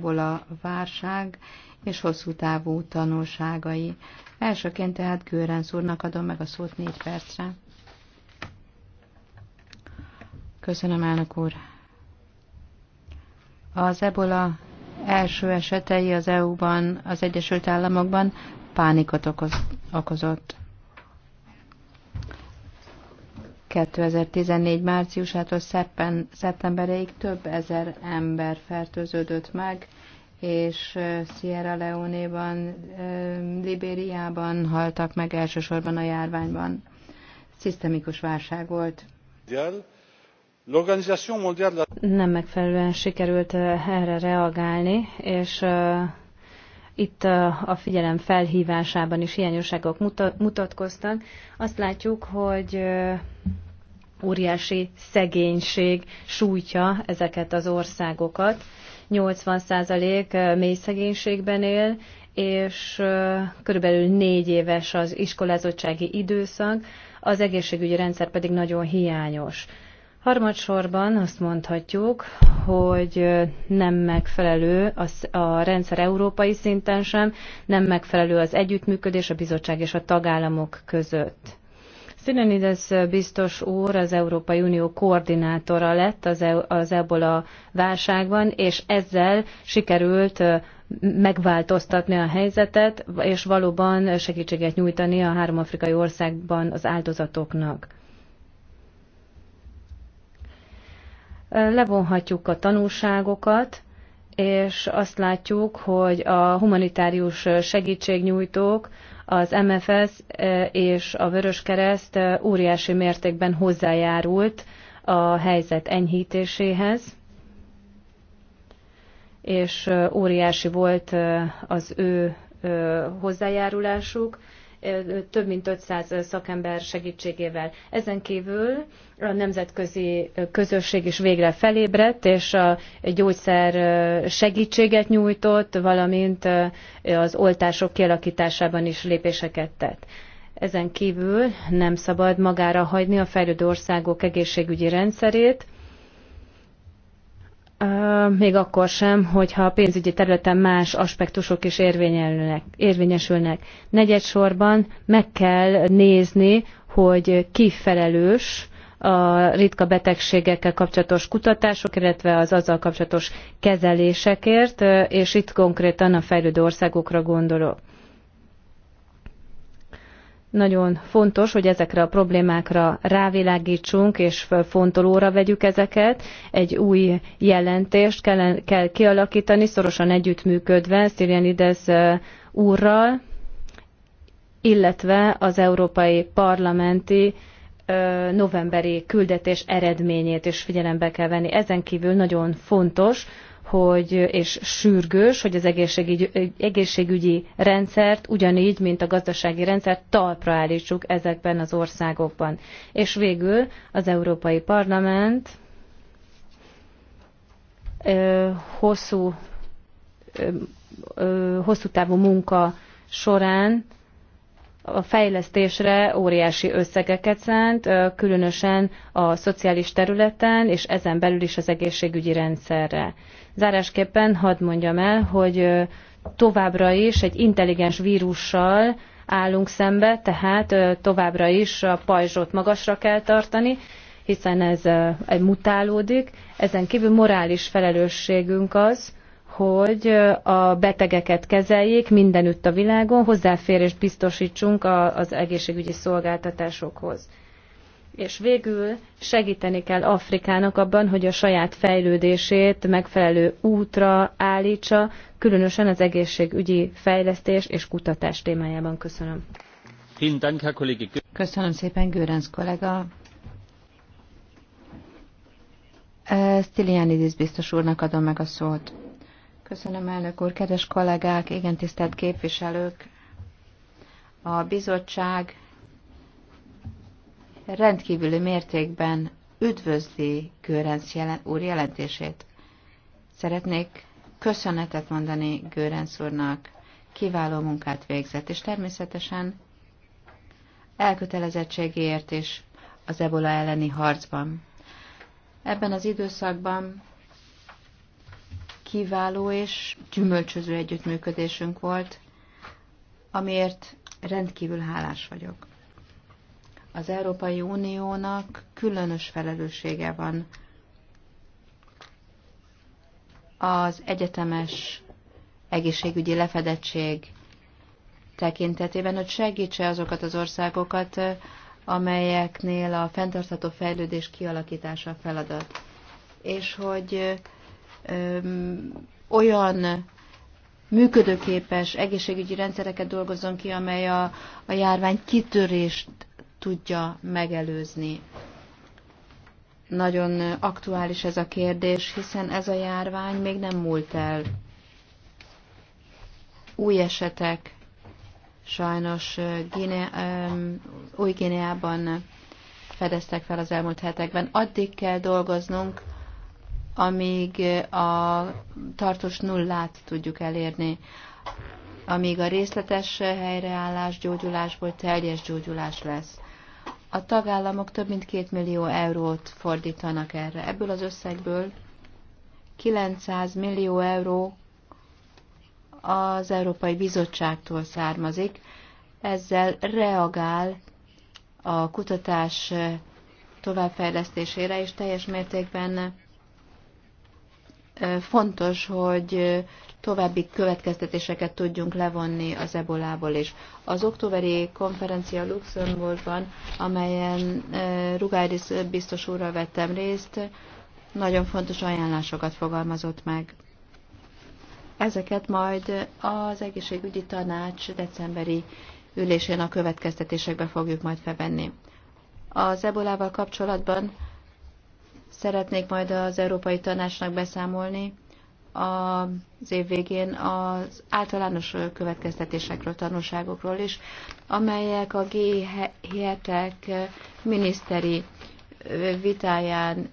ból a válság és hosszú távú tanulságai. Elsőként tehát Gőrenc úrnak adom meg a szót négy percre. Köszönöm, elnök úr. Az ebola első esetei az EU-ban, az Egyesült Államokban pánikot okozott. 2014 márciusától szeptemberéig több ezer ember fertőződött meg, és Sierra Leone-ban, Libériában haltak meg elsősorban a járványban. Szisztemikus válság volt. Nem megfelelően sikerült erre reagálni, és itt a figyelem felhívásában is hiányosságok mutatkoztak. Azt látjuk, hogy óriási szegénység sújtja ezeket az országokat. 80% mély szegénységben él, és körülbelül négy éves az iskolázottsági időszak, az egészségügyi rendszer pedig nagyon hiányos. Harmadsorban azt mondhatjuk, hogy nem megfelelő a, a rendszer európai szinten sem, nem megfelelő az együttműködés a bizottság és a tagállamok között. Szilenides biztos úr az Európai Unió koordinátora lett az, e- az ebola válságban, és ezzel sikerült megváltoztatni a helyzetet, és valóban segítséget nyújtani a három afrikai országban az áldozatoknak. Levonhatjuk a tanulságokat, és azt látjuk, hogy a humanitárius segítségnyújtók, az MFS eh, és a Kereszt eh, óriási mértékben hozzájárult a helyzet enyhítéséhez, és eh, óriási volt az ő hozzájárulásuk több mint 500 szakember segítségével. Ezen kívül a nemzetközi közösség is végre felébredt, és a gyógyszer segítséget nyújtott, valamint az oltások kialakításában is lépéseket tett. Ezen kívül nem szabad magára hagyni a fejlődő országok egészségügyi rendszerét, még akkor sem, hogyha a pénzügyi területen más aspektusok is érvényesülnek. Negyedsorban meg kell nézni, hogy ki felelős a ritka betegségekkel kapcsolatos kutatások, illetve az azzal kapcsolatos kezelésekért, és itt konkrétan a fejlődő országokra gondolok. Nagyon fontos, hogy ezekre a problémákra rávilágítsunk, és fontolóra vegyük ezeket. Egy új jelentést kell, kell kialakítani, szorosan együttműködve Idez úrral, illetve az Európai Parlamenti novemberi küldetés eredményét is figyelembe kell venni. Ezen kívül nagyon fontos, hogy, és sürgős, hogy az egészségügyi, egészségügyi rendszert ugyanígy, mint a gazdasági rendszert talpra állítsuk ezekben az országokban. És végül az Európai Parlament ö, hosszú, ö, ö, hosszú távú munka során a fejlesztésre óriási összegeket szánt, különösen a szociális területen, és ezen belül is az egészségügyi rendszerre. Zárásképpen hadd mondjam el, hogy továbbra is egy intelligens vírussal állunk szembe, tehát továbbra is a pajzsot magasra kell tartani, hiszen ez egy mutálódik. Ezen kívül morális felelősségünk az, hogy a betegeket kezeljék mindenütt a világon, hozzáférést biztosítsunk az egészségügyi szolgáltatásokhoz. És végül segíteni kell Afrikának abban, hogy a saját fejlődését megfelelő útra állítsa, különösen az egészségügyi fejlesztés és kutatás témájában. Köszönöm. Köszönöm szépen, Gőrenc kollega. Stilianidis biztos úrnak adom meg a szót. Köszönöm, elnök úr, kedves kollégák, igen tisztelt képviselők. A bizottság rendkívüli mértékben üdvözli Gőrenc jelen, úr jelentését. Szeretnék köszönetet mondani Gőrenc úrnak, kiváló munkát végzett, és természetesen elkötelezettségéért is az ebola elleni harcban. Ebben az időszakban kiváló és gyümölcsöző együttműködésünk volt, amiért rendkívül hálás vagyok. Az Európai Uniónak különös felelőssége van az egyetemes egészségügyi lefedettség tekintetében, hogy segítse azokat az országokat, amelyeknél a fenntartható fejlődés kialakítása a feladat. És hogy öm, olyan működőképes egészségügyi rendszereket dolgozzon ki, amely a, a járvány kitörést tudja megelőzni. Nagyon aktuális ez a kérdés, hiszen ez a járvány még nem múlt el. Új esetek sajnos Gine, új Gineában fedeztek fel az elmúlt hetekben. Addig kell dolgoznunk, amíg a tartós nullát tudjuk elérni, amíg a részletes helyreállás gyógyulásból teljes gyógyulás lesz. A tagállamok több mint két millió eurót fordítanak erre. Ebből az összegből 900 millió euró az Európai Bizottságtól származik, ezzel reagál a kutatás továbbfejlesztésére, és teljes mértékben fontos, hogy további következtetéseket tudjunk levonni az ebolából is. Az októberi konferencia Luxemburgban, amelyen e, Rugáris biztos úrral vettem részt, nagyon fontos ajánlásokat fogalmazott meg. Ezeket majd az egészségügyi tanács decemberi ülésén a következtetésekbe fogjuk majd fevenni. Az ebolával kapcsolatban szeretnék majd az Európai Tanácsnak beszámolni, az év végén az általános következtetésekről, tanulságokról is, amelyek a g 7 miniszteri vitáján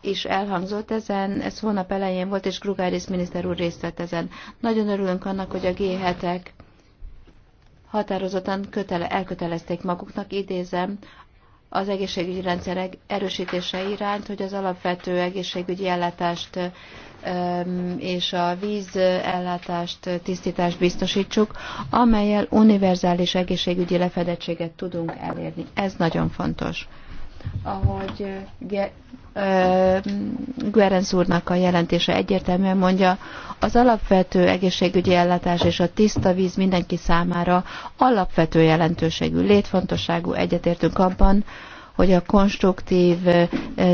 is elhangzott ezen, ez hónap elején volt, és Grugáris miniszter úr részt vett ezen. Nagyon örülünk annak, hogy a g 7 határozottan kötele, elkötelezték maguknak, idézem, az egészségügyi rendszerek erősítése iránt, hogy az alapvető egészségügyi ellátást és a vízellátást, tisztítást biztosítsuk, amelyel univerzális egészségügyi lefedettséget tudunk elérni. Ez nagyon fontos. Ahogy Gerenc úrnak a jelentése egyértelműen mondja, az alapvető egészségügyi ellátás és a tiszta víz mindenki számára alapvető jelentőségű, létfontosságú egyetértünk abban, hogy a konstruktív, eh,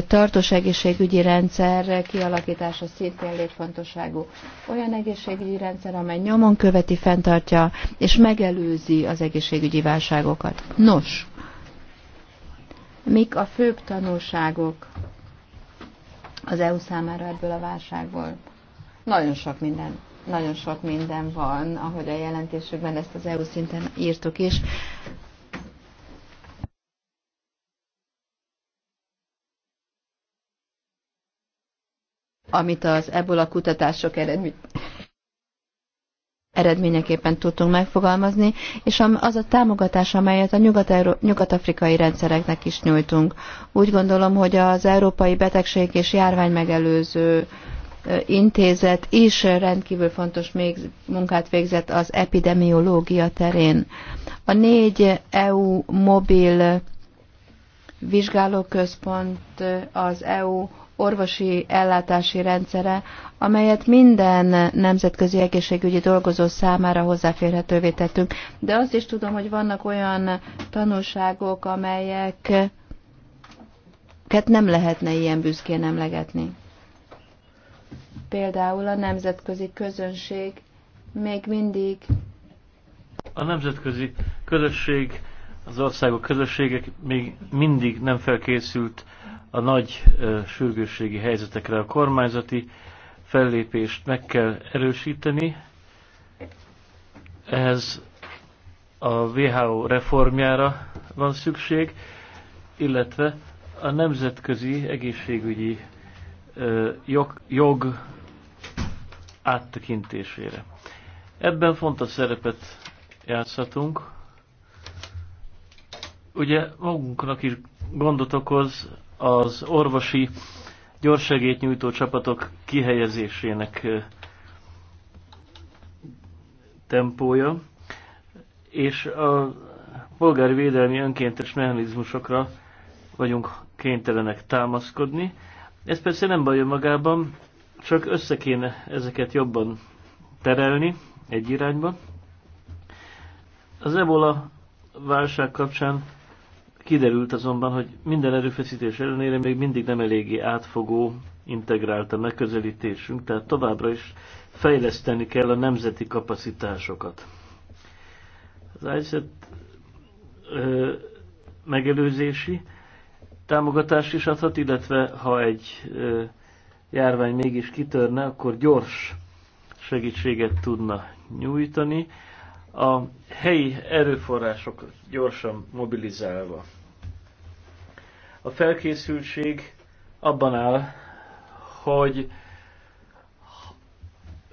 tartós egészségügyi rendszer kialakítása szintén létfontosságú. Olyan egészségügyi rendszer, amely nyomon követi, fenntartja és megelőzi az egészségügyi válságokat. Nos, mik a főbb tanulságok az EU számára ebből a válságból? Nagyon sok minden, nagyon sok minden van, ahogy a jelentésükben ezt az EU szinten írtuk is. amit az ebből a kutatások eredmény, eredményeképpen tudtunk megfogalmazni, és az a támogatás, amelyet a nyugat-afrikai rendszereknek is nyújtunk. Úgy gondolom, hogy az európai betegség és járvány megelőző intézet is rendkívül fontos munkát végzett az epidemiológia terén. A négy EU mobil vizsgálóközpont az EU orvosi ellátási rendszere, amelyet minden nemzetközi egészségügyi dolgozó számára hozzáférhetővé tettünk. De azt is tudom, hogy vannak olyan tanulságok, amelyeket nem lehetne ilyen büszkén emlegetni például a nemzetközi közönség még mindig. A nemzetközi közösség, az országok közösségek még mindig nem felkészült a nagy ö, sürgősségi helyzetekre. A kormányzati fellépést meg kell erősíteni. Ehhez a WHO reformjára van szükség, illetve a nemzetközi egészségügyi jog, jog áttekintésére. Ebben fontos szerepet játszhatunk. Ugye magunknak is gondot okoz az orvosi nyújtó csapatok kihelyezésének tempója, és a védelmi önkéntes mechanizmusokra vagyunk kénytelenek támaszkodni. Ez persze nem baj magában, csak össze kéne ezeket jobban terelni egy irányba. Az ebola válság kapcsán kiderült azonban, hogy minden erőfeszítés ellenére még mindig nem eléggé átfogó, integrált a megközelítésünk, tehát továbbra is fejleszteni kell a nemzeti kapacitásokat. Az ISET megelőzési támogatást is adhat, illetve ha egy ö, járvány mégis kitörne, akkor gyors segítséget tudna nyújtani. A helyi erőforrások gyorsan mobilizálva. A felkészültség abban áll, hogy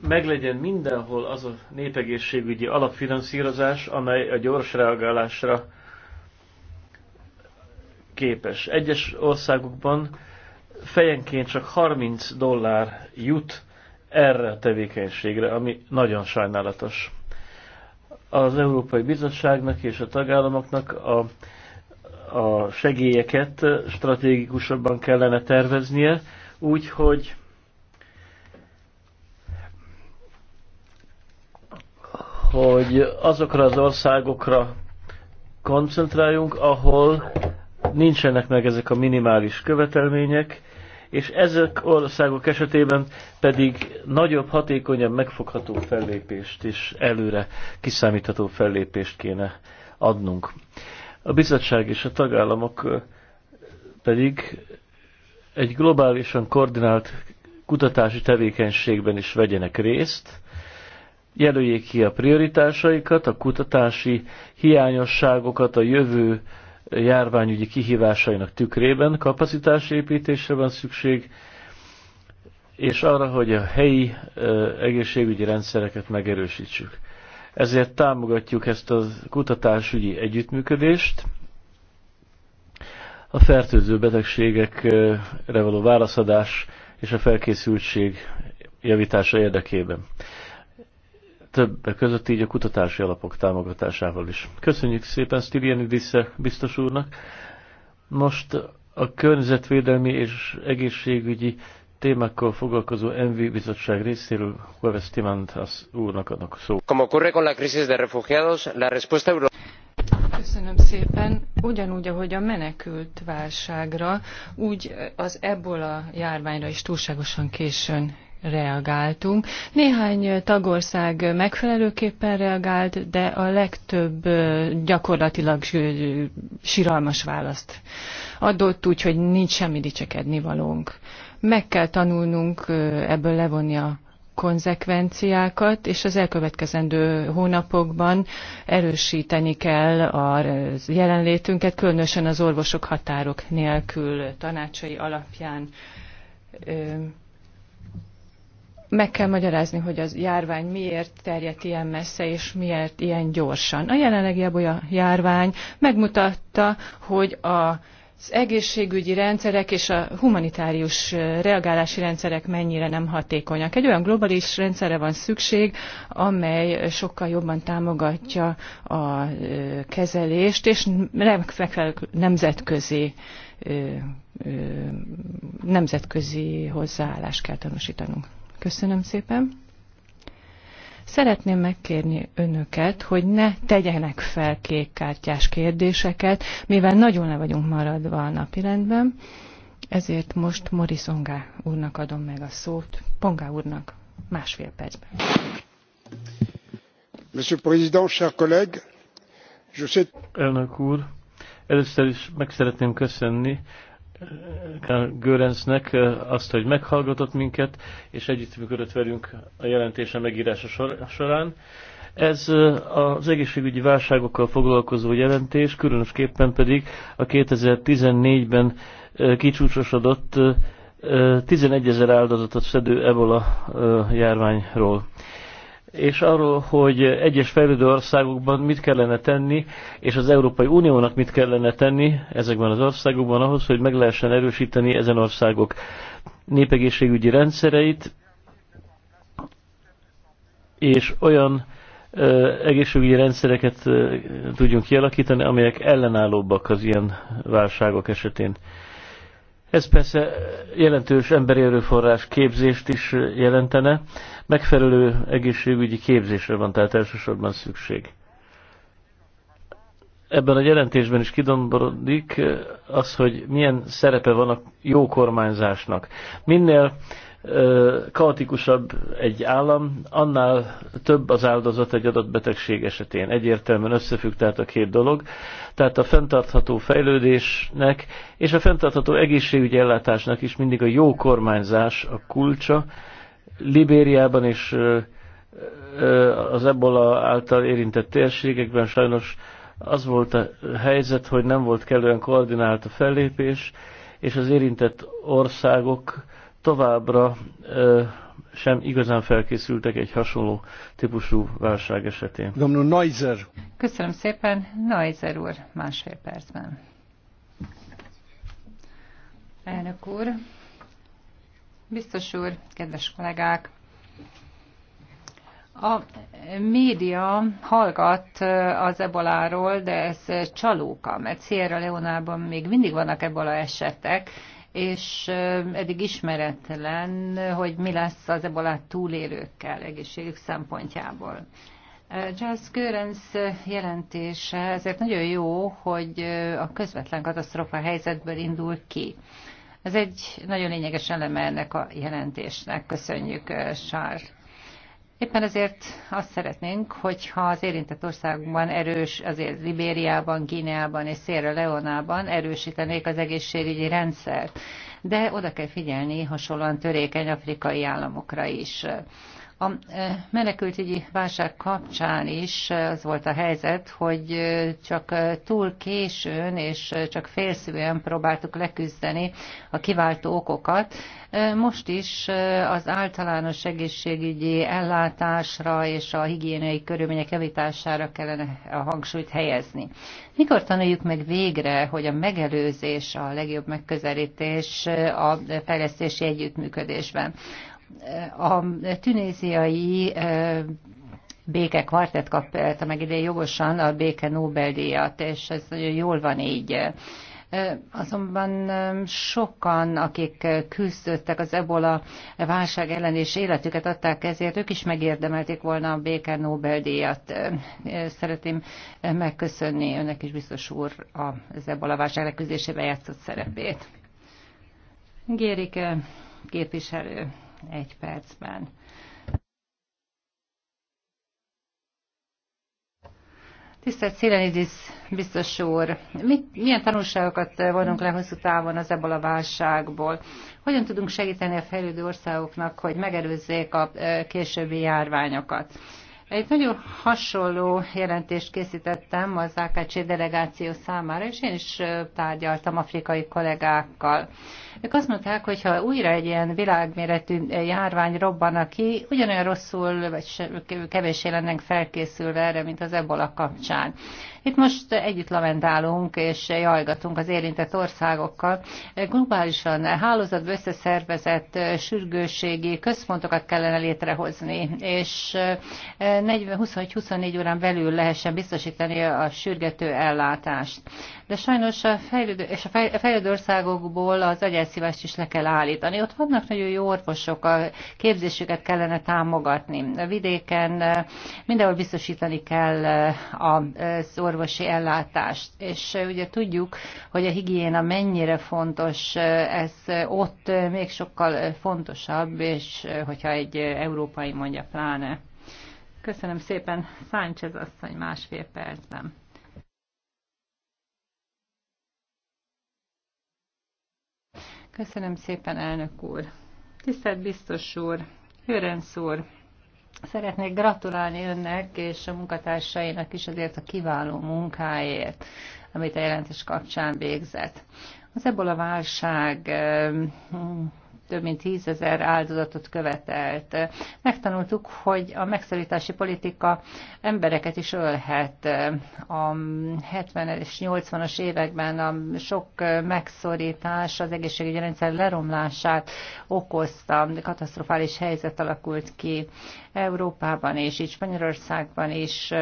meglegyen mindenhol az a népegészségügyi alapfinanszírozás, amely a gyors reagálásra képes. Egyes országokban fejenként csak 30 dollár jut erre a tevékenységre, ami nagyon sajnálatos. Az Európai Bizottságnak és a tagállamoknak a, a segélyeket stratégikusabban kellene terveznie, úgyhogy hogy azokra az országokra koncentráljunk, ahol nincsenek meg ezek a minimális követelmények, és ezek országok esetében pedig nagyobb, hatékonyabb, megfogható fellépést és előre kiszámítható fellépést kéne adnunk. A bizottság és a tagállamok pedig egy globálisan koordinált kutatási tevékenységben is vegyenek részt, jelöljék ki a prioritásaikat, a kutatási hiányosságokat, a jövő járványügyi kihívásainak tükrében kapacitásépítésre van szükség, és arra, hogy a helyi egészségügyi rendszereket megerősítsük. Ezért támogatjuk ezt a kutatásügyi együttműködést, a fertőző betegségekre való válaszadás és a felkészültség javítása érdekében többek között így a kutatási alapok támogatásával is. Köszönjük szépen Stylianidis biztos úrnak. Most a környezetvédelmi és egészségügyi témákkal foglalkozó MV bizottság részéről Hueves az úrnak adnak szó. Como ocurre con la crisis de refugiados, la respuesta Köszönöm szépen. Ugyanúgy, ahogy a menekült válságra, úgy az ebola járványra is túlságosan későn reagáltunk. Néhány tagország megfelelőképpen reagált, de a legtöbb gyakorlatilag síralmas választ adott, úgyhogy nincs semmi dicsekedni valónk. Meg kell tanulnunk ebből levonni a konzekvenciákat, és az elkövetkezendő hónapokban erősíteni kell a jelenlétünket, különösen az orvosok határok nélkül tanácsai alapján meg kell magyarázni, hogy az járvány miért terjedt ilyen messze, és miért ilyen gyorsan. A jelenlegi a járvány megmutatta, hogy a az egészségügyi rendszerek és a humanitárius reagálási rendszerek mennyire nem hatékonyak. Egy olyan globális rendszerre van szükség, amely sokkal jobban támogatja a kezelést, és nemzetközi nemzetközi hozzáállást kell tanúsítanunk. Köszönöm szépen. Szeretném megkérni önöket, hogy ne tegyenek fel kékkártyás kérdéseket, mivel nagyon le vagyunk maradva a napirendben, ezért most Morisongá úrnak adom meg a szót, Pongá úrnak másfél percben. Monsieur le Président, chers collègues, je sais... Elnök úr, először is meg szeretném köszönni Görencnek azt, hogy meghallgatott minket, és együttműködött velünk a jelentése megírása során. Ez az egészségügyi válságokkal foglalkozó jelentés, különösképpen pedig a 2014-ben kicsúcsosodott 11 ezer áldozatot szedő ebola járványról és arról, hogy egyes fejlődő országokban mit kellene tenni, és az Európai Uniónak mit kellene tenni ezekben az országokban ahhoz, hogy meg lehessen erősíteni ezen országok népegészségügyi rendszereit, és olyan ö, egészségügyi rendszereket ö, tudjunk kialakítani, amelyek ellenállóbbak az ilyen válságok esetén. Ez persze jelentős emberi erőforrás képzést is jelentene. Megfelelő egészségügyi képzésre van tehát elsősorban szükség. Ebben a jelentésben is kidomborodik az, hogy milyen szerepe van a jó kormányzásnak. Minél kaotikusabb egy állam, annál több az áldozat egy adott betegség esetén. Egyértelműen összefügg tehát a két dolog. Tehát a fenntartható fejlődésnek és a fenntartható egészségügyi ellátásnak is mindig a jó kormányzás a kulcsa. Libériában és az ebola által érintett térségekben sajnos az volt a helyzet, hogy nem volt kellően koordinált a fellépés, és az érintett országok továbbra sem igazán felkészültek egy hasonló típusú válság esetén. Domnul Neuser. Köszönöm szépen. Neuser úr, másfél percben. Elnök úr, biztos úr, kedves kollégák! A média hallgat az eboláról, de ez csalóka, mert Sierra Leonában még mindig vannak ebola esetek, és eddig ismeretlen, hogy mi lesz az ebolát túlélőkkel egészségük szempontjából. Charles Görens jelentése ezért nagyon jó, hogy a közvetlen katasztrofa helyzetből indul ki. Ez egy nagyon lényeges eleme ennek a jelentésnek. Köszönjük, Charles. Éppen ezért azt szeretnénk, hogyha az érintett országokban erős, azért Libériában, Gíneában és Sierra Leonában erősítenék az egészségügyi rendszert. De oda kell figyelni hasonlóan törékeny afrikai államokra is. A e, menekültügyi válság kapcsán is az volt a helyzet, hogy e, csak e, túl későn és csak félszűen próbáltuk leküzdeni a kiváltó okokat. Most is az általános egészségügyi ellátásra és a higiéniai körülmények javítására kellene a hangsúlyt helyezni. Mikor tanuljuk meg végre, hogy a megelőzés a legjobb megközelítés a fejlesztési együttműködésben? A tünéziai békekvartet kapta meg ide jogosan a béke Nobel-díjat, és ez nagyon jól van így. Azonban sokan, akik küzdöttek az ebola válság ellen és életüket adták ezért, ők is megérdemelték volna a béke Nobel-díjat. Szeretném megköszönni önnek is biztos úr az ebola válság leküzdésében játszott szerepét. Gérike képviselő egy percben. Tisztelt Szilenidis biztos úr, mit, milyen tanulságokat vonunk le hosszú távon az ebből a válságból? Hogyan tudunk segíteni a fejlődő országoknak, hogy megelőzzék a későbbi járványokat? Egy nagyon hasonló jelentést készítettem az AKC delegáció számára, és én is tárgyaltam afrikai kollégákkal. Ők azt mondták, hogy ha újra egy ilyen világméretű járvány robbanna ki, ugyanolyan rosszul, vagy kevéssé lennénk felkészülve erre, mint az ebola kapcsán. Itt most együtt lamentálunk és jajgatunk az érintett országokkal. Globálisan hálózatba összeszervezett sürgőségi központokat kellene létrehozni, és 24 e, órán belül lehessen biztosítani a sürgető ellátást. De sajnos a fejlődő, és a fejlődő országokból az egyet vérszívást is le kell állítani. Ott vannak nagyon jó orvosok, a képzésüket kellene támogatni. A vidéken mindenhol biztosítani kell az orvosi ellátást. És ugye tudjuk, hogy a higiéna mennyire fontos, ez ott még sokkal fontosabb, és hogyha egy európai mondja pláne. Köszönöm szépen, Sánchez asszony másfél percben. Köszönöm szépen, elnök úr. Tisztelt biztos úr, Hőrenc úr, Szeretnék gratulálni önnek és a munkatársainak is azért a kiváló munkáért, amit a jelentés kapcsán végzett. Az ebből a válság több mint tízezer áldozatot követelt. Megtanultuk, hogy a megszorítási politika embereket is ölhet. A 70-es és 80-as években a sok megszorítás az egészségügyi rendszer leromlását okozta, katasztrofális helyzet alakult ki Európában és így Spanyolországban is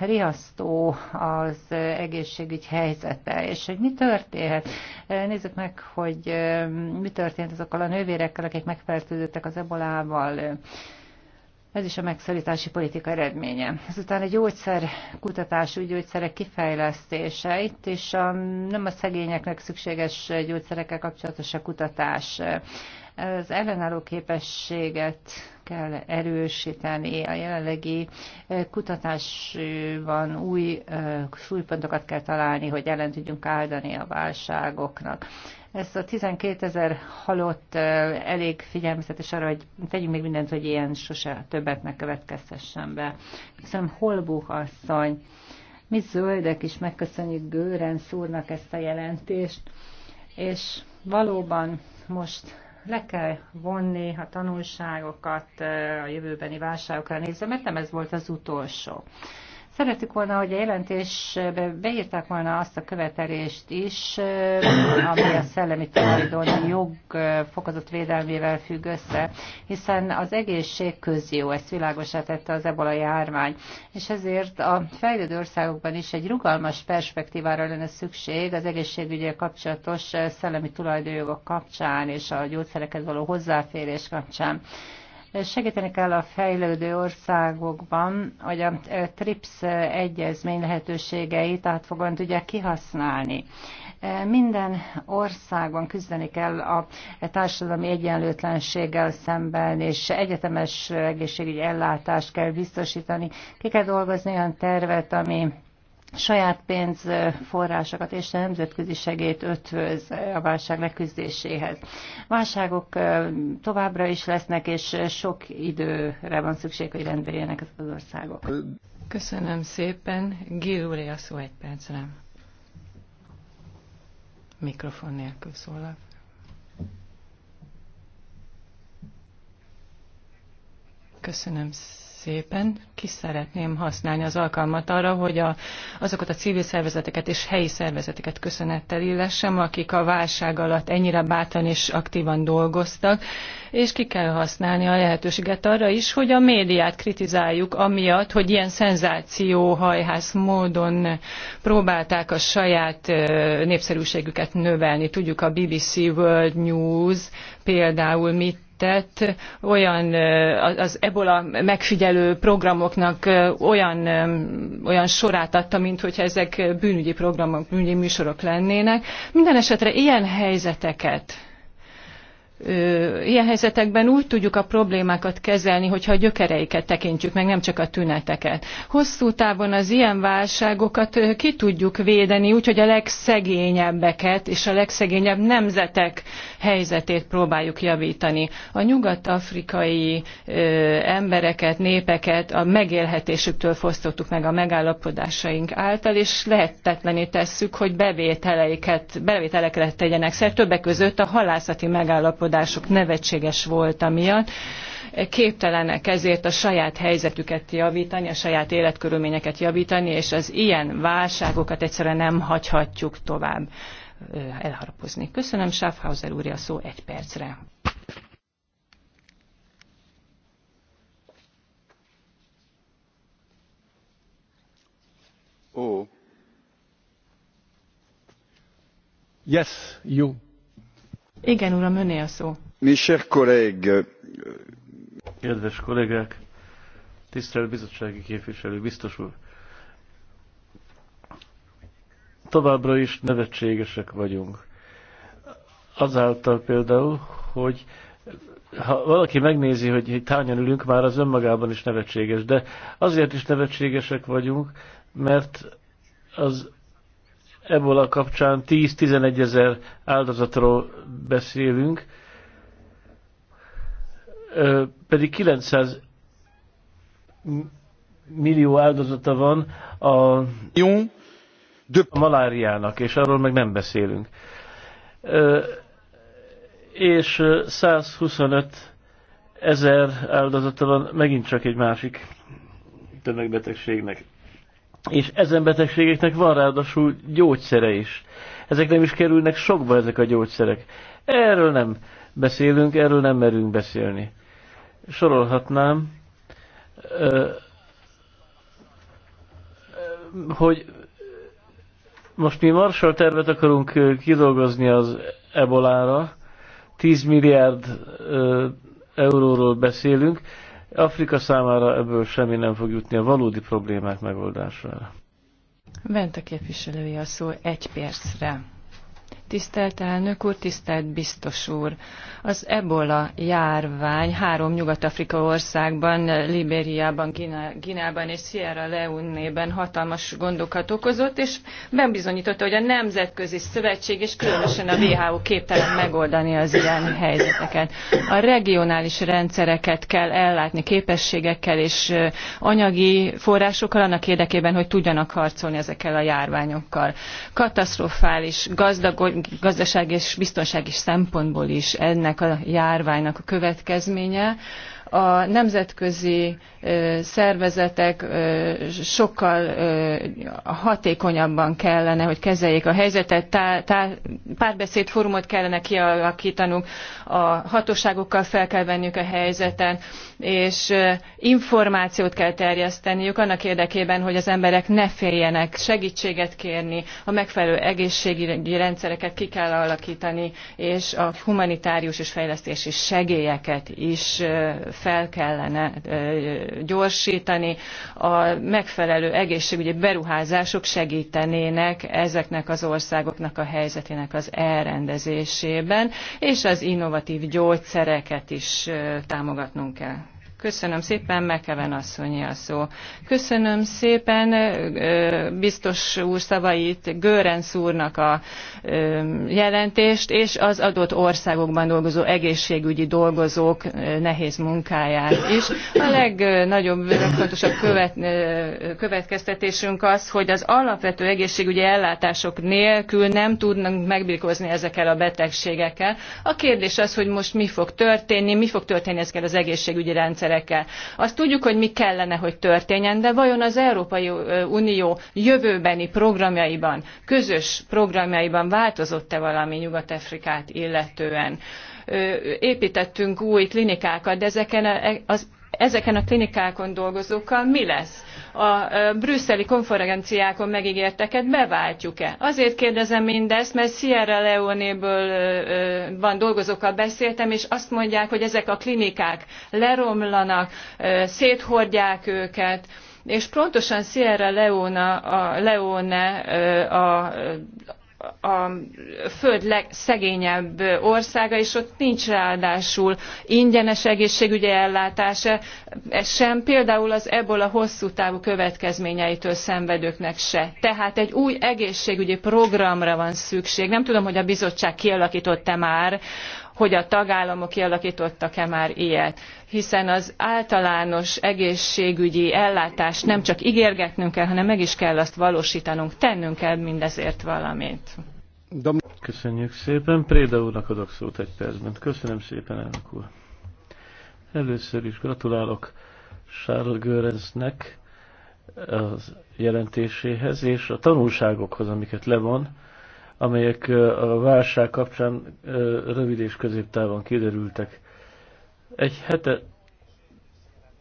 riasztó az egészségügy helyzete, és hogy mi történhet. Nézzük meg, hogy mi történt történt azokkal a nővérekkel, akik megfertőzöttek az ebolával. Ez is a megszorítási politika eredménye. Ezután egy gyógyszer kutatás, úgy gyógyszerek kifejlesztése, itt is a, nem a szegényeknek szükséges gyógyszerekkel kapcsolatos a kutatás. Az ellenálló képességet kell erősíteni, a jelenlegi eh, kutatásban új eh, súlypontokat kell találni, hogy ellen tudjunk áldani a válságoknak. Ez a 12 ezer halott elég figyelmeztetés arra, hogy tegyünk még mindent, hogy ilyen sose többet ne következtessen be. Köszönöm, Holbuch asszony. Mi zöldek is megköszönjük Gőren szúrnak ezt a jelentést, és valóban most le kell vonni a tanulságokat a jövőbeni válságokra nézve, mert nem ez volt az utolsó. Szeretük volna, hogy a jelentésbe beírták volna azt a követelést is, ami a szellemi tulajdoni jog fokozott védelmével függ össze, hiszen az egészség közjó, ezt világosá tette az ebola járvány, és ezért a fejlődő országokban is egy rugalmas perspektívára lenne szükség az egészségügyel kapcsolatos szellemi tulajdonjogok kapcsán és a gyógyszerekhez való hozzáférés kapcsán. Segíteni kell a fejlődő országokban, hogy a e, TRIPS egyezmény lehetőségeit átfogóan tudják kihasználni. E, minden országban küzdeni kell a társadalmi egyenlőtlenséggel szemben, és egyetemes egészségügyi ellátást kell biztosítani. Ki kell dolgozni olyan tervet, ami saját pénzforrásokat és a nemzetközi segélyt ötvöz a válság leküzdéséhez. Válságok továbbra is lesznek, és sok időre van szükség, hogy rendbe az országok. Köszönöm szépen. Gil úr, a szó egy percre. Mikrofon nélkül szólok. Köszönöm szépen. Ki szeretném használni az alkalmat arra, hogy a, azokat a civil szervezeteket és helyi szervezeteket köszönettel illessem, akik a válság alatt ennyire bátran és aktívan dolgoztak, és ki kell használni a lehetőséget arra is, hogy a médiát kritizáljuk, amiatt, hogy ilyen szenzációhajhász módon próbálták a saját népszerűségüket növelni. Tudjuk a BBC World News például mit segített olyan az ebola megfigyelő programoknak olyan, olyan sorát adta, mint hogyha ezek bűnügyi programok, bűnügyi műsorok lennének. Minden esetre ilyen helyzeteket ilyen helyzetekben úgy tudjuk a problémákat kezelni, hogyha a gyökereiket tekintjük meg, nem csak a tüneteket. Hosszú távon az ilyen válságokat ki tudjuk védeni, úgyhogy a legszegényebbeket és a legszegényebb nemzetek helyzetét próbáljuk javítani. A nyugat-afrikai embereket, népeket a megélhetésüktől fosztottuk meg a megállapodásaink által, és lehetetlené tesszük, hogy bevételeiket, bevételeket tegyenek szert, többek között a halászati megállapodásokat megállapodásuk nevetséges volt amiatt képtelenek ezért a saját helyzetüket javítani, a saját életkörülményeket javítani, és az ilyen válságokat egyszerűen nem hagyhatjuk tovább elharapozni. Köszönöm, Schaffhauser úr, a szó egy percre. Oh. Yes, you. Igen, uram, öné a szó. Michel kolleg. Kedves kollégák, tisztelt bizottsági képviselő, biztos úr. Továbbra is nevetségesek vagyunk. Azáltal például, hogy ha valaki megnézi, hogy tányan ülünk, már az önmagában is nevetséges, de azért is nevetségesek vagyunk, mert az ebola kapcsán 10-11 ezer áldozatról beszélünk, pedig 900 millió áldozata van a, a maláriának, és arról meg nem beszélünk. És 125 ezer áldozata van megint csak egy másik tömegbetegségnek és ezen betegségeknek van ráadásul gyógyszere is. Ezek nem is kerülnek sokba ezek a gyógyszerek. Erről nem beszélünk, erről nem merünk beszélni. Sorolhatnám, hogy most mi Marshall tervet akarunk kidolgozni az ebolára, 10 milliárd euróról beszélünk, Afrika számára ebből semmi nem fog jutni a valódi problémák megoldására. Bent a képviselője a szó egy percre. Tisztelt elnök úr, tisztelt biztos úr! Az ebola járvány három nyugat-afrika országban, Libériában, Ginában és Sierra Leone-ben hatalmas gondokat okozott, és bebizonyította, hogy a nemzetközi szövetség és különösen a WHO képtelen megoldani az ilyen helyzeteket. A regionális rendszereket kell ellátni képességekkel és anyagi forrásokkal annak érdekében, hogy tudjanak harcolni ezekkel a járványokkal. Katasztrofális gazdag gazdaság és biztonsági szempontból is ennek a járványnak a következménye a nemzetközi szervezetek sokkal hatékonyabban kellene, hogy kezeljék a helyzetet, párbeszéd fórumot kellene kialakítanunk, a hatóságokkal fel kell venniük a helyzeten, és információt kell terjeszteniük annak érdekében, hogy az emberek ne féljenek segítséget kérni, a megfelelő egészségügyi rendszereket ki kell alakítani, és a humanitárius és fejlesztési segélyeket is fel kellene gyorsítani, a megfelelő egészségügyi beruházások segítenének ezeknek az országoknak a helyzetének az elrendezésében, és az innovatív gyógyszereket is támogatnunk kell. Köszönöm szépen, Mekeven asszonyi a szó. Köszönöm szépen biztos úr szavait, Görenc úrnak a jelentést, és az adott országokban dolgozó egészségügyi dolgozók nehéz munkáját is. A legnagyobb, legfontosabb követ, következtetésünk az, hogy az alapvető egészségügyi ellátások nélkül nem tudnak megbirkózni ezekkel a betegségekkel. A kérdés az, hogy most mi fog történni, mi fog történni ezekkel az egészségügyi rendszerekkel emberekkel. Azt tudjuk, hogy mi kellene, hogy történjen, de vajon az Európai Unió jövőbeni programjaiban, közös programjaiban változott-e valami Nyugat-Afrikát illetően? építettünk új klinikákat, de ezeken e- az ezeken a klinikákon dolgozókkal mi lesz? A brüsszeli konferenciákon megígérteket beváltjuk-e? Azért kérdezem mindezt, mert Sierra Leone-ből van dolgozókkal beszéltem, és azt mondják, hogy ezek a klinikák leromlanak, széthordják őket, és pontosan Sierra Leone, a, Leone a, a föld legszegényebb országa, és ott nincs ráadásul ingyenes egészségügyi ellátás sem, például az ebola hosszú távú következményeitől szenvedőknek se. Tehát egy új egészségügyi programra van szükség. Nem tudom, hogy a bizottság kialakított-e már, hogy a tagállamok kialakítottak-e már ilyet hiszen az általános egészségügyi ellátást nem csak ígérgetnünk kell, hanem meg is kell azt valósítanunk, tennünk kell mindezért valamit. Köszönjük szépen. Préda úrnak adok szót egy percben. Köszönöm szépen, elnök úr. Először is gratulálok Charles Görensnek az jelentéséhez és a tanulságokhoz, amiket levon, amelyek a válság kapcsán rövid és középtávon kiderültek egy hete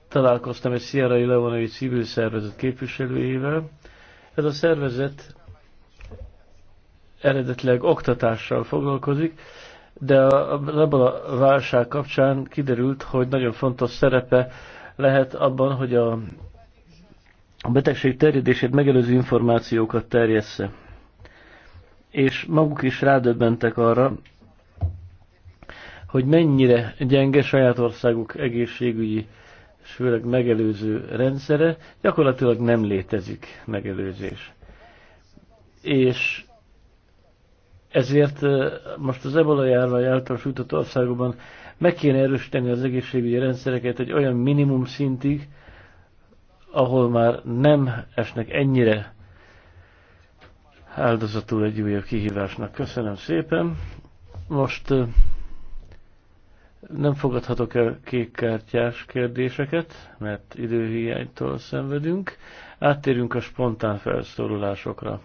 találkoztam egy Sierra Leoneai civil szervezet képviselőjével. Ez a szervezet eredetileg oktatással foglalkozik, de abban a válság kapcsán kiderült, hogy nagyon fontos szerepe lehet abban, hogy a betegség terjedését megelőző információkat terjessze. És maguk is rádöbbentek arra, hogy mennyire gyenge saját országuk egészségügyi és főleg megelőző rendszere, gyakorlatilag nem létezik megelőzés. És ezért most az ebola járvány által sújtott országokban meg kéne erősíteni az egészségügyi rendszereket egy olyan minimum szintig, ahol már nem esnek ennyire áldozatul egy újabb kihívásnak. Köszönöm szépen. Most nem fogadhatok el kékkártyás kérdéseket, mert időhiánytól szenvedünk. Áttérünk a spontán felszólalásokra.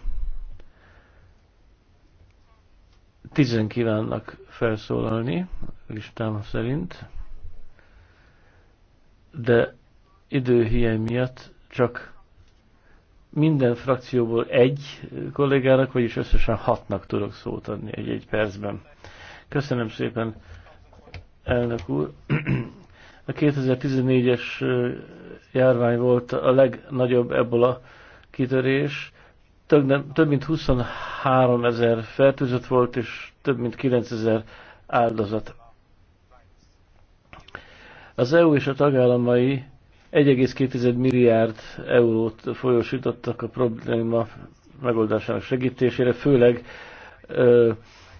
Tizen kívánnak felszólalni, listám szerint, de időhiány miatt csak minden frakcióból egy kollégának, vagyis összesen hatnak tudok szót adni egy-egy percben. Köszönöm szépen! elnök úr. A 2014-es járvány volt a legnagyobb ebola kitörés. Több, nem, több mint 23 ezer fertőzött volt, és több mint 9 ezer áldozat. Az EU és a tagállamai 1,2 milliárd eurót folyósítottak a probléma megoldásának segítésére, főleg ö,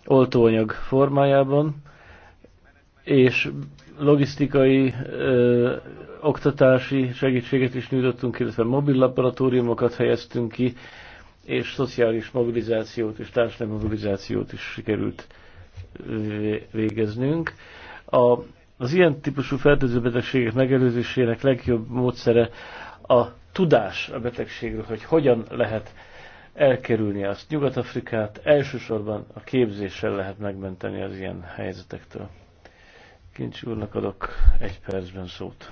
oltóanyag formájában és logisztikai, ö, oktatási segítséget is nyújtottunk, illetve mobil laboratóriumokat helyeztünk ki, és szociális mobilizációt és társadalmi mobilizációt is sikerült végeznünk. A, az ilyen típusú fertőző betegségek megelőzésének legjobb módszere a tudás a betegségről, hogy hogyan lehet elkerülni azt. Nyugat-Afrikát elsősorban a képzéssel lehet megmenteni az ilyen helyzetektől. Kincs úrnak adok egy percben szót.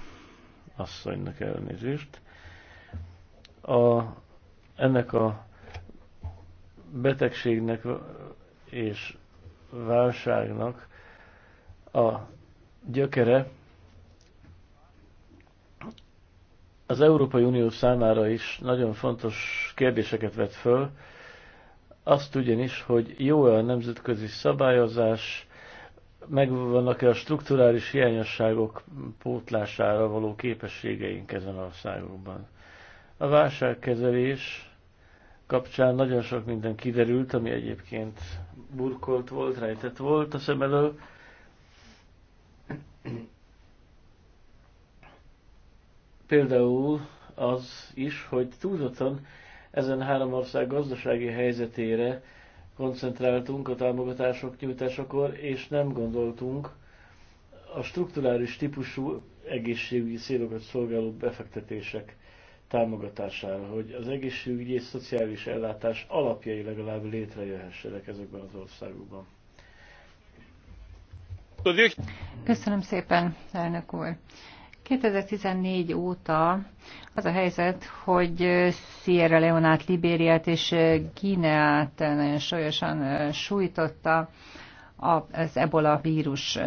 Asszonynak elnézést. A, ennek a betegségnek és válságnak a gyökere az Európai Unió számára is nagyon fontos kérdéseket vet föl, azt ugyanis, hogy jó-e a nemzetközi szabályozás, megvannak-e a strukturális hiányosságok pótlására való képességeink ezen a országokban. A válságkezelés kapcsán nagyon sok minden kiderült, ami egyébként burkolt volt, rejtett volt a szem elől. Például az is, hogy túlzottan ezen három ország gazdasági helyzetére koncentráltunk a támogatások nyújtásakor, és nem gondoltunk a strukturális típusú egészségügyi célokat szolgáló befektetések támogatására, hogy az egészségügyi és szociális ellátás alapjai legalább létrejöhessenek ezekben az országokban. Köszönöm szépen, elnök úr. 2014 óta az a helyzet, hogy Sierra Leonát, Libériát és Gineát nagyon súlyosan sújtotta az ebola vírus,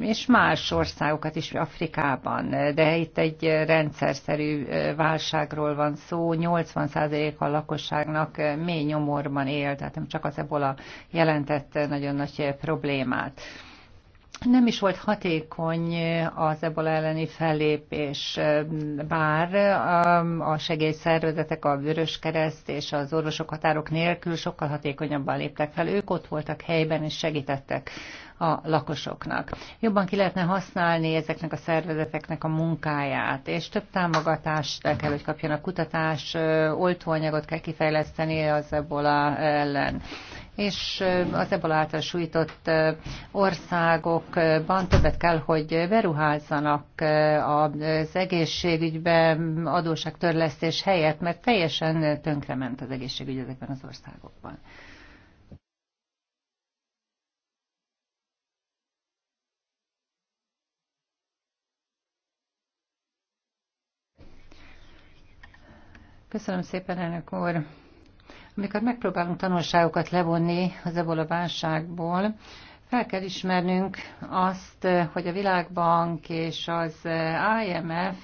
és más országokat is Afrikában, de itt egy rendszerszerű válságról van szó, 80% a lakosságnak mély nyomorban él, tehát nem csak az ebola jelentett nagyon nagy problémát nem is volt hatékony az ebola elleni fellépés, bár um, a segélyszervezetek, a Vörös Kereszt és az orvosok határok nélkül sokkal hatékonyabban léptek fel. Ők ott voltak helyben és segítettek a lakosoknak. Jobban ki lehetne használni ezeknek a szervezeteknek a munkáját, és több támogatást kell, hogy kapjanak kutatás, oltóanyagot kell kifejleszteni az ebola ellen és az ebola által sújtott országokban többet kell, hogy beruházzanak az egészségügybe adóságtörlesztés helyett, mert teljesen tönkrement az egészségügy ezekben az országokban. Köszönöm szépen, elnök úr! Amikor megpróbálunk tanulságokat levonni az ebből a válságból, fel kell ismernünk azt, hogy a Világbank és az IMF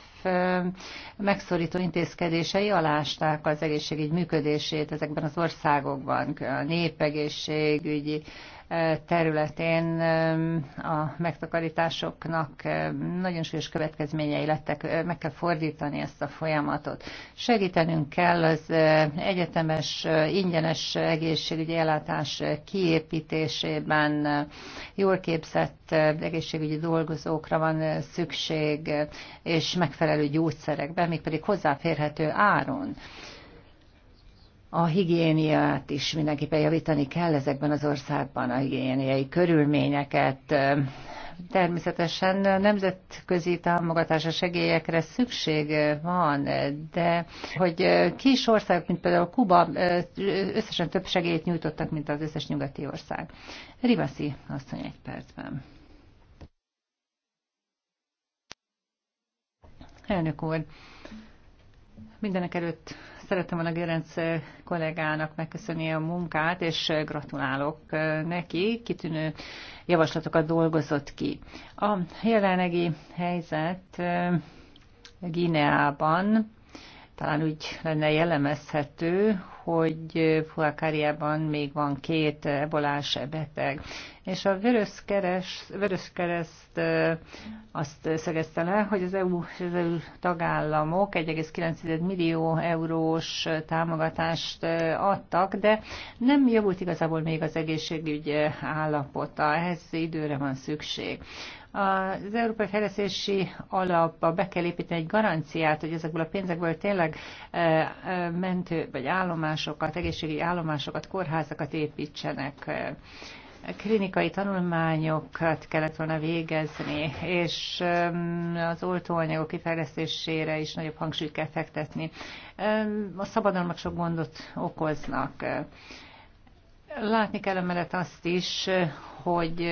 megszorító intézkedései alásták az egészségügy működését ezekben az országokban, a népegészségügyi területén a megtakarításoknak nagyon súlyos következményei lettek, meg kell fordítani ezt a folyamatot. Segítenünk kell az egyetemes, ingyenes egészségügyi ellátás kiépítésében jól képzett egészségügyi dolgozókra van szükség, és megfelelő gyógyszerekben, mégpedig hozzáférhető áron a higiéniát is mindenképpen javítani kell ezekben az országban, a higiéniai körülményeket. Természetesen nemzetközi támogatása segélyekre szükség van, de hogy kis ország, mint például Kuba, összesen több segélyt nyújtottak, mint az összes nyugati ország. azt asszony egy percben. Elnök úr, mindenek előtt Szerettem volna Gerenc kollégának megköszönni a munkát, és gratulálok neki, kitűnő javaslatokat dolgozott ki. A jelenlegi helyzet Gineában talán úgy lenne jellemezhető, hogy Fuakariában még van két ebolás beteg. És a Vöröskereszt azt szegezte le, hogy az EU, az EU tagállamok 1,9 millió eurós támogatást adtak, de nem javult igazából még az egészségügy állapota, ehhez időre van szükség. Az Európai Fejlesztési Alapba be kell építeni egy garanciát, hogy ezekből a pénzekből tényleg e, e, mentő vagy állomásokat, egészségügyi állomásokat, kórházakat építsenek e, klinikai tanulmányokat kellett volna végezni, és az oltóanyagok kifejlesztésére is nagyobb hangsúlyt kell fektetni. A szabadalmak sok gondot okoznak. Látni kell emellett azt is, hogy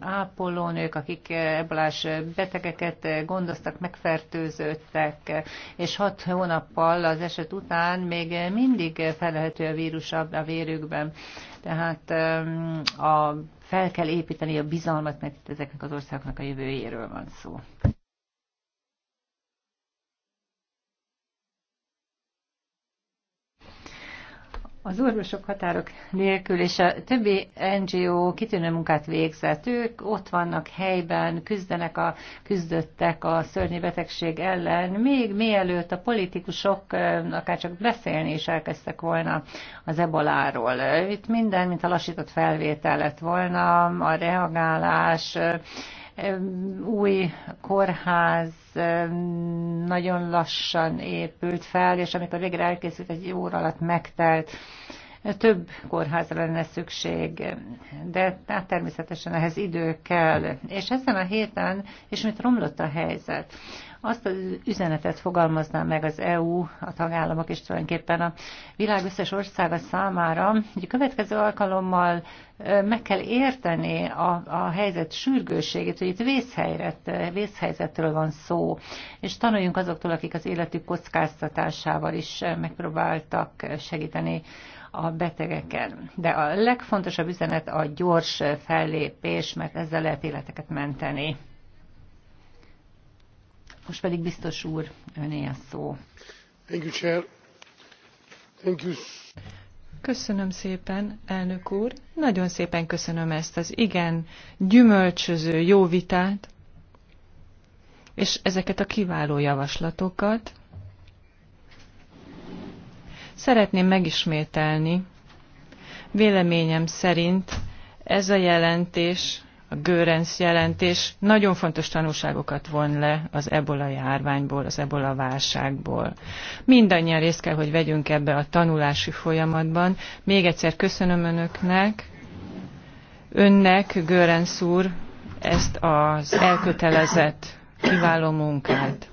ápolónők, akik ebolás betegeket gondoztak, megfertőződtek, és hat hónappal az eset után még mindig felelhető a vírus a vérükben. Tehát a, fel kell építeni a bizalmat, mert itt ezeknek az országoknak a jövőjéről van szó. Az orvosok határok nélkül és a többi NGO kitűnő munkát végzett. Ők ott vannak helyben, küzdenek a küzdöttek a szörnyű betegség ellen, még mielőtt a politikusok akár csak beszélni is elkezdtek volna az ebaláról. Itt minden, mint a lassított felvétel lett volna, a reagálás, új kórház nagyon lassan épült fel, és amikor végre elkészült, egy óra alatt megtelt. Több kórházra lenne szükség, de hát természetesen ehhez idő kell. És ezen a héten ismét romlott a helyzet. Azt az üzenetet fogalmazná meg az EU, a tagállamok és tulajdonképpen a világ összes országa számára, hogy a következő alkalommal meg kell érteni a, a helyzet sürgőségét, hogy itt vészhelyzet, vészhelyzetről van szó, és tanuljunk azoktól, akik az életük kockáztatásával is megpróbáltak segíteni a betegeken. De a legfontosabb üzenet a gyors fellépés, mert ezzel lehet életeket menteni. Most pedig biztos úr, öné a szó. Thank you, Chair. Thank you. Köszönöm szépen, elnök úr. Nagyon szépen köszönöm ezt az igen gyümölcsöző jó vitát, és ezeket a kiváló javaslatokat. Szeretném megismételni, véleményem szerint ez a jelentés, a Görenc jelentés nagyon fontos tanulságokat von le az ebola járványból, az ebola válságból. Mindannyian részt kell, hogy vegyünk ebbe a tanulási folyamatban. Még egyszer köszönöm önöknek, önnek, Görenc úr, ezt az elkötelezett, kiváló munkát.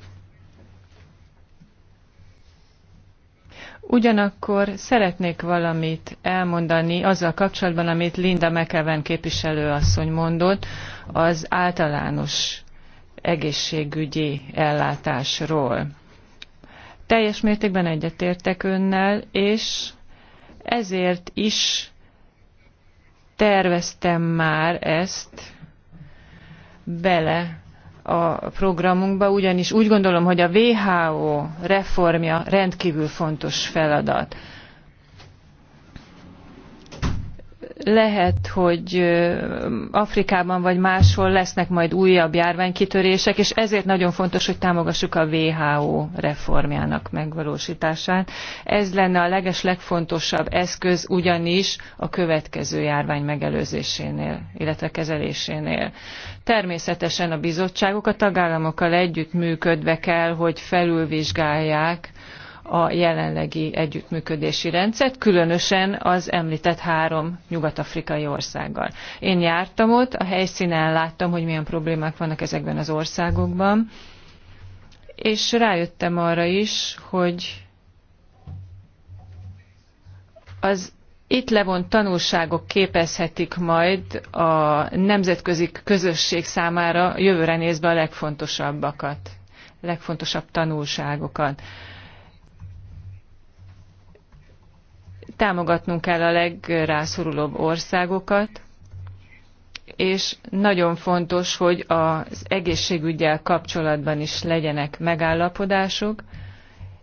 Ugyanakkor szeretnék valamit elmondani azzal kapcsolatban, amit Linda McEwen asszony mondott, az általános egészségügyi ellátásról. Teljes mértékben egyetértek önnel, és ezért is terveztem már ezt bele a programunkba, ugyanis úgy gondolom, hogy a WHO reformja rendkívül fontos feladat lehet, hogy Afrikában vagy máshol lesznek majd újabb járványkitörések, és ezért nagyon fontos, hogy támogassuk a WHO reformjának megvalósítását. Ez lenne a leges legfontosabb eszköz ugyanis a következő járvány megelőzésénél, illetve kezelésénél. Természetesen a bizottságok a tagállamokkal együttműködve kell, hogy felülvizsgálják a jelenlegi együttműködési rendszert, különösen az említett három nyugat-afrikai országgal. Én jártam ott, a helyszínen láttam, hogy milyen problémák vannak ezekben az országokban, és rájöttem arra is, hogy az itt levont tanulságok képezhetik majd a nemzetközi közösség számára jövőre nézve a legfontosabbakat, legfontosabb tanulságokat. támogatnunk kell a legrászorulóbb országokat, és nagyon fontos, hogy az egészségügyel kapcsolatban is legyenek megállapodások,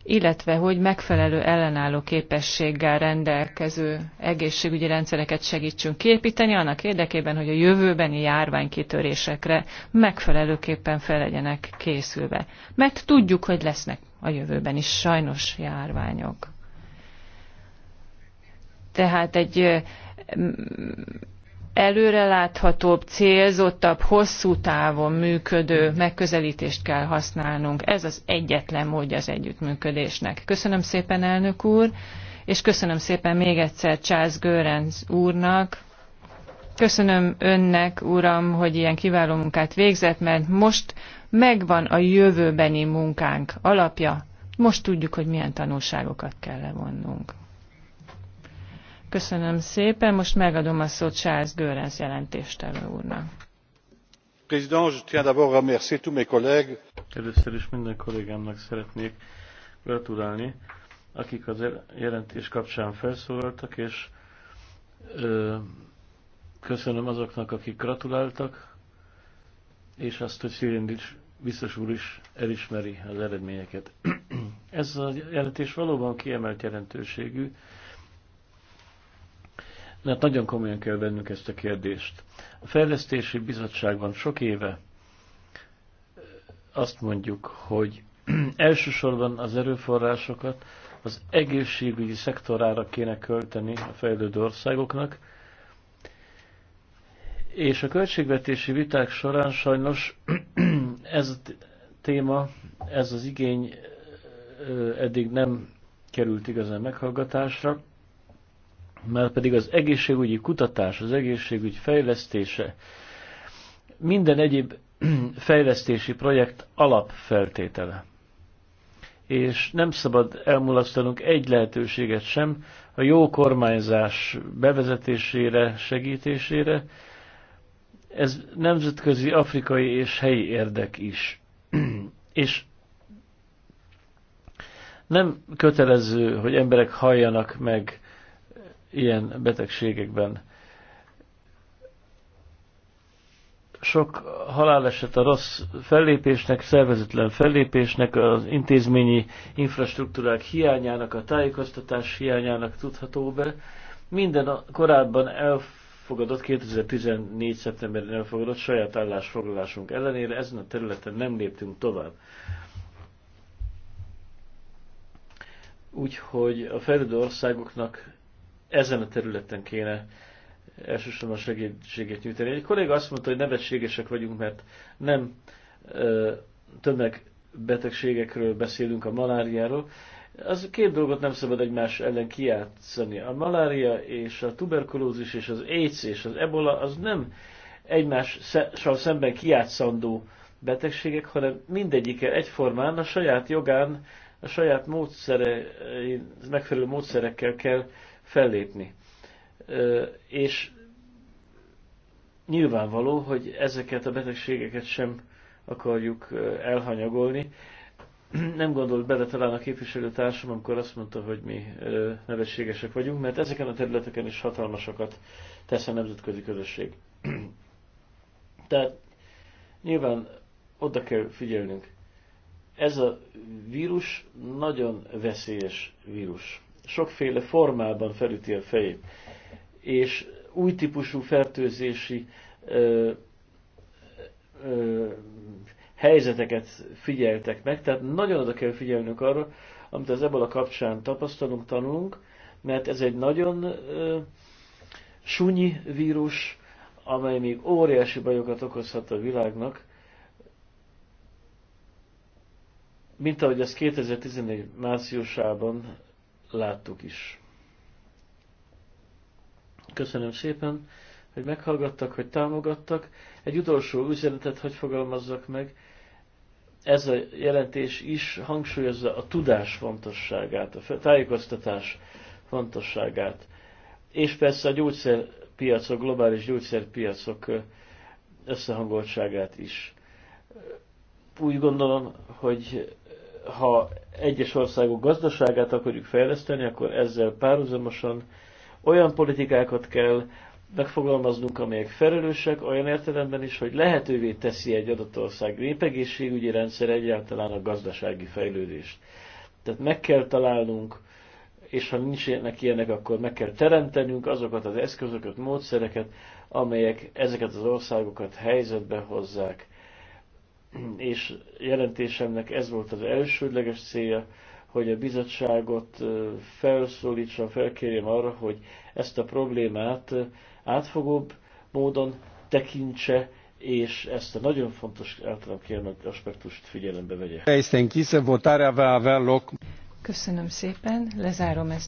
illetve hogy megfelelő ellenálló képességgel rendelkező egészségügyi rendszereket segítsünk képíteni, annak érdekében, hogy a jövőbeni járványkitörésekre megfelelőképpen fel legyenek készülve. Mert tudjuk, hogy lesznek a jövőben is sajnos járványok. Tehát egy előreláthatóbb, célzottabb, hosszú távon működő megközelítést kell használnunk. Ez az egyetlen módja az együttműködésnek. Köszönöm szépen, elnök úr, és köszönöm szépen még egyszer Charles Görenz úrnak. Köszönöm önnek, uram, hogy ilyen kiváló munkát végzett, mert most megvan a jövőbeni munkánk alapja. Most tudjuk, hogy milyen tanulságokat kell levonnunk. Köszönöm szépen, most megadom a szót Charles Görens jelentéstelő úrnak. Először is minden kollégámnak szeretnék gratulálni, akik az jelentés kapcsán felszólaltak, és ö, köszönöm azoknak, akik gratuláltak, és azt, hogy Szirindics biztos úr is elismeri az eredményeket. Ez a jelentés valóban kiemelt jelentőségű, mert nagyon komolyan kell vennünk ezt a kérdést. A Fejlesztési Bizottságban sok éve azt mondjuk, hogy elsősorban az erőforrásokat az egészségügyi szektorára kéne költeni a fejlődő országoknak, és a költségvetési viták során sajnos ez a téma, ez az igény eddig nem került igazán meghallgatásra mert pedig az egészségügyi kutatás, az egészségügy fejlesztése, minden egyéb fejlesztési projekt alapfeltétele. És nem szabad elmulasztanunk egy lehetőséget sem a jó kormányzás bevezetésére, segítésére. Ez nemzetközi, afrikai és helyi érdek is. és nem kötelező, hogy emberek halljanak meg ilyen betegségekben. Sok haláleset a rossz fellépésnek, szervezetlen fellépésnek, az intézményi infrastruktúrák hiányának, a tájékoztatás hiányának tudható be. Minden a korábban elfogadott, 2014. szeptemberben elfogadott saját állásfoglalásunk ellenére ezen a területen nem léptünk tovább. Úgyhogy a fejlődő országoknak ezen a területen kéne elsősorban segítséget nyújtani. Egy kolléga azt mondta, hogy nevetségesek vagyunk, mert nem ö, betegségekről beszélünk, a maláriáról. Az két dolgot nem szabad egymás ellen kiátszani. A malária és a tuberkulózis és az AIDS és az ebola az nem egymással szemben kiátszandó betegségek, hanem mindegyike egyformán a saját jogán, a saját módszere, megfelelő módszerekkel kell fellépni. És nyilvánvaló, hogy ezeket a betegségeket sem akarjuk elhanyagolni. Nem gondolt bele talán a képviselőtársam, amikor azt mondta, hogy mi nevetségesek vagyunk, mert ezeken a területeken is hatalmasakat tesz a nemzetközi közösség. Tehát nyilván oda kell figyelnünk. Ez a vírus nagyon veszélyes vírus sokféle formában felüti a fejét. És új típusú fertőzési ö, ö, helyzeteket figyeltek meg, tehát nagyon oda kell figyelnünk arra, amit az ebből a kapcsán tapasztalunk, tanulunk, mert ez egy nagyon ö, sunyi vírus, amely még óriási bajokat okozhat a világnak, mint ahogy az 2014 márciusában láttuk is. Köszönöm szépen, hogy meghallgattak, hogy támogattak. Egy utolsó üzenetet, hogy fogalmazzak meg, ez a jelentés is hangsúlyozza a tudás fontosságát, a tájékoztatás fontosságát, és persze a gyógyszerpiacok, globális gyógyszerpiacok összehangoltságát is. Úgy gondolom, hogy ha egyes országok gazdaságát akarjuk fejleszteni, akkor ezzel párhuzamosan olyan politikákat kell megfogalmaznunk, amelyek felelősek, olyan értelemben is, hogy lehetővé teszi egy adott ország népegészségügyi rendszer egyáltalán a gazdasági fejlődést. Tehát meg kell találnunk, és ha nincs ilyenek ilyenek, akkor meg kell teremtenünk azokat az eszközöket, módszereket, amelyek ezeket az országokat helyzetbe hozzák és jelentésemnek ez volt az elsődleges célja, hogy a bizottságot felszólítsam, felkérjem arra, hogy ezt a problémát átfogóbb módon tekintse, és ezt a nagyon fontos általam kiemelt aspektust figyelembe vegye. Köszönöm szépen, lezárom ezt.